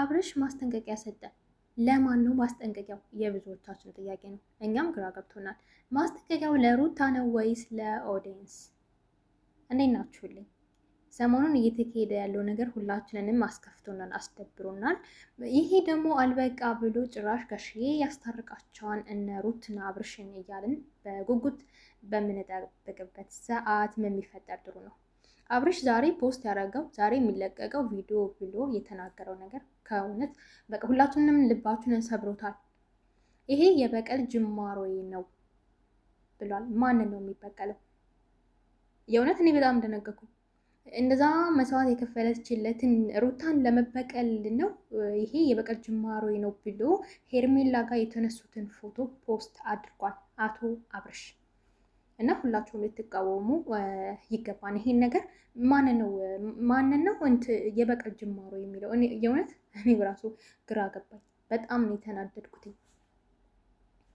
አብርሽ ማስጠንቀቂያ ሰጠ። ለማን ነው ማስጠንቀቂያው? የብዙዎቻችን ጥያቄ ነው። እኛም ግራ ገብቶናል። ማስጠንቀቂያው ለሩታ ነው ወይስ ለኦዲየንስ? እንዴት ናችሁልኝ? ሰሞኑን እየተካሄደ ያለው ነገር ሁላችንንም አስከፍቶናል፣ አስደብሮናል። ይሄ ደግሞ አልበቃ ብሎ ጭራሽ ጋሽዬ ያስታርቃቸዋን እነ ሩትና አብርሽን እያልን በጉጉት በምንጠብቅበት ሰዓት ምን ጥሩ ነው? አብርሽ ዛሬ ፖስት ያደረገው ዛሬ የሚለቀቀው ቪዲዮ ብሎ የተናገረው ነገር ከእውነት በቃ ሁላችንም ልባችንን ሰብሮታል። ይሄ የበቀል ጅማሮዬ ነው ብሏል። ማንን ነው የሚበቀለው? የእውነት እኔ በጣም እንደነገርኩ እንደዛ መስዋዕት የከፈለችለትን ሩታን ለመበቀል ነው ይሄ የበቀል ጅማሮዬ ነው ብሎ ሄርሜላ ጋር የተነሱትን ፎቶ ፖስት አድርጓል አቶ አብርሽ። እና ሁላችሁም ልትቃወሙ ይገባን። ይሄን ነገር ማን ነው እንት የበቀል ጅማሮ የሚለው የእውነት እኔ ራሱ ግራ ገባኝ። በጣም ነው የተናደድኩት።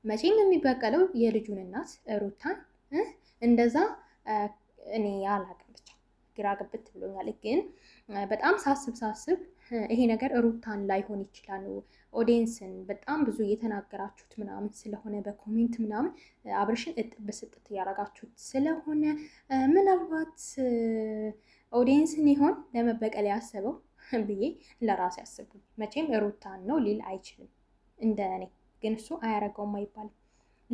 መቼም የሚበቀለው የልጁን እናት ሩታን እንደዛ እኔ አላቅም። ግራ ግብት ብሎኛል። ግን በጣም ሳስብ ሳስብ ይሄ ነገር ሩታን ላይሆን ይችላል። ኦዲየንስን በጣም ብዙ እየተናገራችሁት ምናምን ስለሆነ በኮሜንት ምናምን አብርሽን እጥብ ስጥት እያረጋችሁት ስለሆነ ምናልባት ኦዲየንስን ይሆን ለመበቀል ያሰበው ብዬ ለራሴ ያስብኩ። መቼም ሩታን ነው ሊል አይችልም እንደ እኔ። ግን እሱ አያረገውም አይባልም።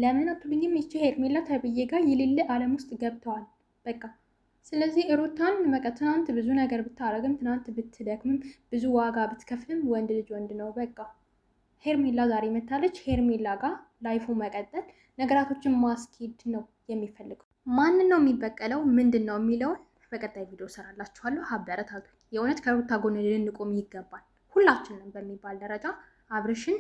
ለምን አትሉኝም? ይቺ ሄርሜላ ተብዬ ጋር ይልል አለም ውስጥ ገብተዋል በቃ ስለዚህ ሩታን በቃ ትናንት ብዙ ነገር ብታረግም ትናንት ብትደክምም ብዙ ዋጋ ብትከፍልም ወንድ ልጅ ወንድ ነው። በቃ ሄርሜላ ዛሬ መታለች። ሄርሜላ ጋር ላይፉ መቀጠል ነገራቶችን ማስኬድ ነው የሚፈልገው። ማንን ነው የሚበቀለው ምንድን ነው የሚለውን በቀጣይ ቪዲዮ ሰራላችኋለሁ። አበረታቱ። የእውነት ከሩታ ጎን ልንቆም ይገባል ሁላችንም በሚባል ደረጃ አብርሽን